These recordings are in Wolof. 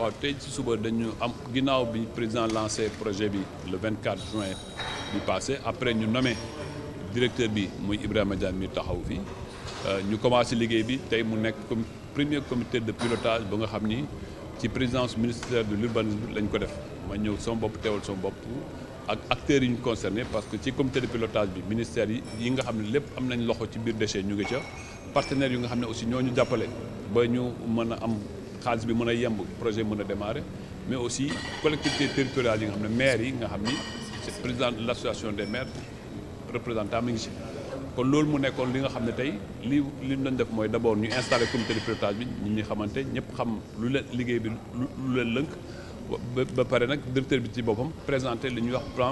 waaw tey ci suba dañu am ginnaaw bi président lancé projet bi le 24 juin bi passé après ñu nommé directeur bi muy Ibrahima Diagne mi taxaw fii euh, ñu commencé liggéey bi tey mu nekk comme premier comité de pilotage ba nga xam ni ci présidence ministère de l'urbanisme lañ ko def ma ñëw sama bopp teewal sama bopp ak acteur yi ñu concerné parce que ci comité de pilotage bi ministère yi yi nga xam ni lépp am nañ loxo ci biir déchet ñu ngi ca partenaires yi nga xam ne aussi ñoo ñu jàppale ba ñu mën a am xaalis bi mën a yemb projet mën a démarrer mais aussi collectivité territoriale yi nga xam ne maire yi nga xam ni c'est président de l'association des maires représentant si kon loolu mu nekkoon li nga xam ne tey li li ñu doon def mooy d'abord ñu installer comité de pilotage bi ñi ñi xamante ñëpp xam lu leen liggéey bi lu leen lënk ba pare nag directeur bi ci boppam présenté li ñuy wax plan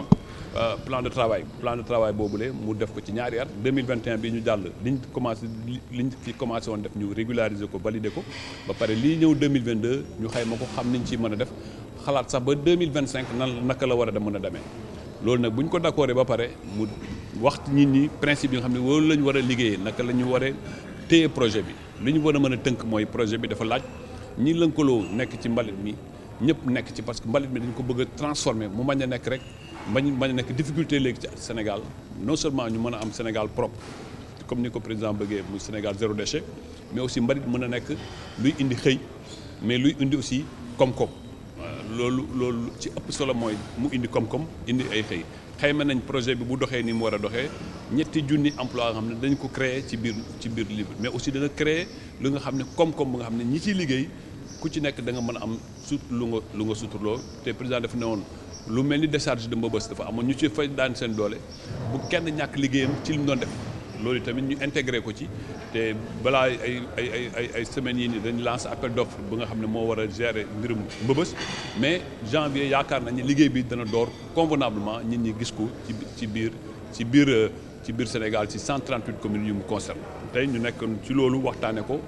euh, plan de travail plan de boobu boobule mu def ko ci ñaari at 2021 bi ñu jàll liñ commencé liñ fi commencé woon def ñu régulariser ko valider ko ba pare lii ñëw 2022 ñu xayma ko xam niñ ci mën a def xalaat sax ba 2025 nan naka la war a mën a demee loolu nag bu ñu ko d'accordé ba pare mu wax nit ñi principe yi nga xam ne loolu la war a liggéeyee naka la ñu war a téye projet bi li ñu war a mën a tënk mooy projet bi dafa laaj ñi lënkaloo nekk ci mbalit mi ñëpp nekk ci parce que mbalit mi dañ ko bëgg a transformer mu mañ a nekk rek mañ mañ a nekk difficulté léegi ci Sénégal non seulement ñu mën a am Sénégal propre comme ni ko président bëggee muy Sénégal zéro déchet mais aussi mbalit mën a nekk luy indi xëy mais luy indi aussi koom-koom loolu loolu ci ëpp solo mooy mu indi koom-koom indi ay xëy xayma nañ projet bi bu doxee nii mu war a doxee ñetti junni emploi nga xam ne dañ ko créer ci biir ci biir livre mais aussi dana créer lu nga xam ne koom-koom bu nga xam ne ñi ciy liggéey ku ci nekk danga mën a am sut lu nga lu nga suturloo te président dafa ne woon lu mel ni décharge de Mbeubeuss dafa amoon ñu ci fay daan seen doole bu kenn ñàkk liggéeyam ci li mu doon def loolu tamit ñu intégré ko ci te balaa ay ay ay ay semaines yii nii dañu lance appel d'offre bu nga xam ne moo war a gérer mbirum Mbeubeuss mais janvier yaakaar nañu liggéey bi dana door convenablement nit ñi gis ko ci ci biir ci biir. Euh, ci biir Sénégal ci 138 communes yu mu concerne tey ñu nekk ci loolu waxtaane ko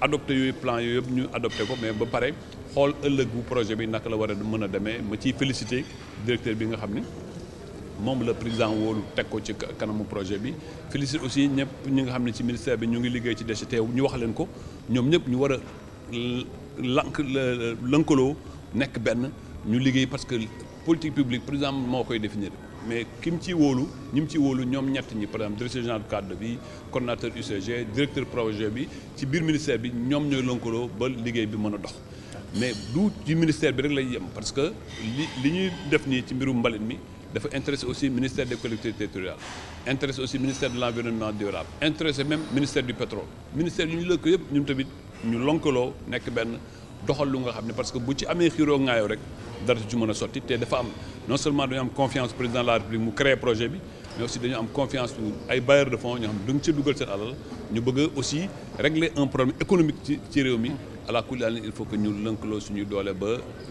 adopté yooyu plan yooyu yëpp ñu adopté ko mais ba pare xool ëllëg bu projet bi naka la war a mën a demee ma ciy félicité directeur bi nga xam ni moom la président woolu teg ko ci kanamu projet bi félicité aussi ñëpp ñi nga xam ne ci ministère bi ñu ngi liggéey ci déchet ñu wax leen ko ñoom ñëpp ñu war a lank lënkaloo nekk benn ñu liggéey parce que politique publique président moo koy définir mais ki ci wóolu ñi mu ci wóolu ñoom ñett ñi par exemple directeur général du cadre de UCG directeur projet bi ci biir ministère bi ñoom ñooy lonkaloo ba liggéey bi mën a dox mais du ci ministère bi rek lay yem parce que li li ñuy def nii ci mbiru mbalit mi dafa intéressé aussi ministère des collectivités territoriales intéressé aussi ministère de l'environnement durable intéressé même ministère du pétrole ministère yu ñu lëkk yëpp ñun tamit ñu lonkaloo nekk benn doxal lu nga xam ne parce que bu ci amee xiiroo ngaayoo rek dara ci mën a sotti te dafa am non seulement dañu am confiance président de la république mu créé projet bi mais aussi dañu am confiance pour ay de fonds ñoo xam ne duñ ca dugal ñu bëgg aussi régler un problème économique ci ci réew mi ala kulli il faut que ñu lënkaloo suñuy doolee ba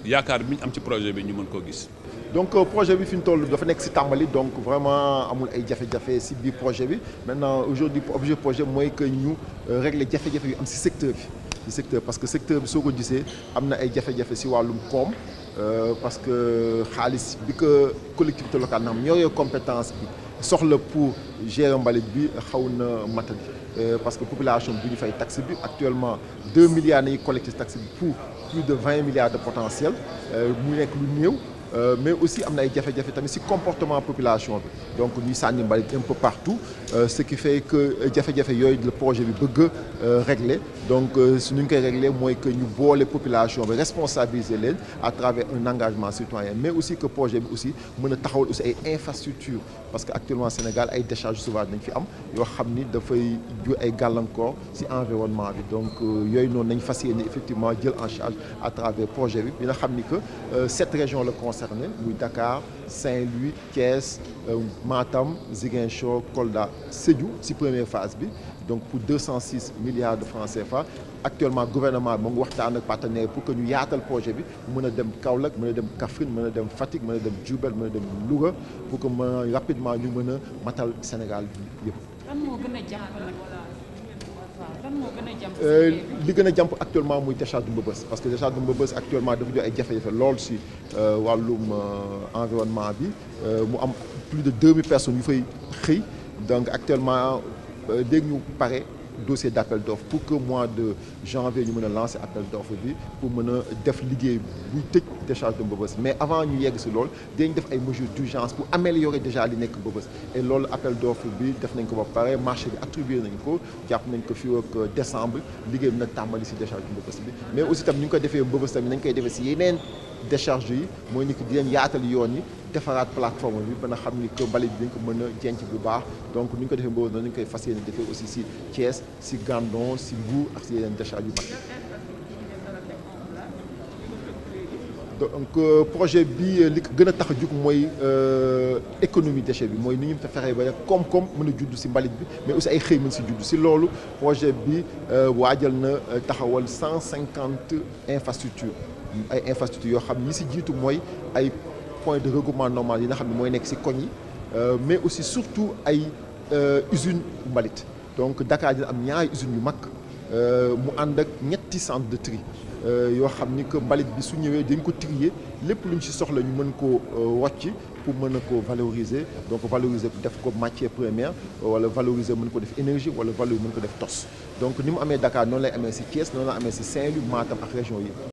yaakaar bi ñu am ci projet bi ñu mën koo gis. donc euh, projet bi fi ñu toll dafa nekk si tàmbali donc vraiment amul ay jafe-jafe si biir projet bi maintenant aujourd'hui objet projet mooy que ñu euh, régler jafe-jafe yu am si secteur bi. ci secteur parce que secteur bi soo ko gisee am na ay jafe-jafe si wàllum koom euh, parce que xaalis bi ko collectivité locale na am ñoo compétence bi soxla pour gérer mbalit bi xaw na matali euh, parce que population bi ñu fay taxe bi actuellement deux milliards nañu collecté taxe bi pour plus de vingt milliards de potentiel euh, mu nekk lu néew Euh, mais aussi am na ay jafe-jafe tamit si comportement population bi donc ñuy sànni mbalit un peu partout euh, ce qui fait que jafe-jafe yooyu le projet bi bëgg euh, régler donc su ñu koy régler mooy que ñu boole population bi responsabiliser leen à travers un engagement citoyen mais aussi que projet bi aussi mën a taxawal aussi ay infrastructure parce que actuellement Sénégal ay décharge sauvage nañ fi am yoo xam ni dafay jur ay gàllankoor ci environnement bi donc yooyu noonu nañ fas yéene effectivement jël en charge à travers projet bi bi nga xam ni que cette région le concerné muy Dakar Saint-Louis Thiès euh, Matam Ziguinchor Kolda Sédhiou ci première phase bi donc pour 206 milliards de francs fa actuellement gouvernement bi mu ngi waxtaan ak partenaire pour que ñu yaatal projet bi mën a dem Kaolack mën a dem Kaffrine mën a dem Fatick mën a dem Diourbel mën a dem Louga pour que mën rapidement ñu mën a matal Sénégal bi Euh, li gën a jàmp actuellement muy décharge du Mbeubeuss parce que décharge du Mbeubeuss actuellement dafa jox ay jafe-jafe lool si euh, wàllum euh, environnement bi mu am plus de 2000 personnes yu fay xëy donc actuellement dégg ñu pare dossier d' appel d' offre pour que mois de janvier ñu mën a lancer appel d' bi pour mën a def liggéey buy tëj décharge de Mbeubeuss mais avant ñu yegg si lool dañ def ay mesures d' urgence pour améliorer déjà li nekk Mbeubeuss et lool appel d' bi def nañ ko ba pare marché bi attribué nañ ko jàpp nañ ko fii ak euh, décembre liggéey bi nag tàmbali si décharge de Mbeubeuss bi mais aussi tam ñu ngi ko defee Mbeubeuss tamit nañ koy defee si yeneen décharge yi mooy ni ko di yaatal yoon yi defaraat plateforme bi mën a xam ni que mbalit bi dañ ko mën a jenc bu baax donc ni ñu ko defee mbooloo noonu ñu koy fas yéene defee aussi si Thiès si Gandon si Mbour ak si yeneen décharge yu mag donc euh, projet bi euh, li ko gën a tax a jug mooy euh, économie déchet bi mooy ni ñu fexee ba koom-koom mën a judd si mbalit bi mais aussi ay xëy mën si judd si loolu projet bi waajal na taxawal cent cinquante infrastructure ay infrastructure yoo xam ni si jiitu mooy ay point de regroupement normal yi na xam ne mooy nekk ci koñ yi euh, mais aussi surtout ay euh, usine mbalit donc Dakar dina am ñaari usines yu mag euh, mu ànd ak ñetti centre de tri yoo xam ni que mbalit bi su ñëwee dañ ko trier lépp luñ ci soxla ñu mën koo wocc pour mën a ko valoriser donc valoriser def ko matière première wala valoriser mën ko def énergie wala valoriser mën ko def tos donc ni mu amee Dakar noonu lay amee ci Thiès noonu la amee ci Saint-Louis Matam yi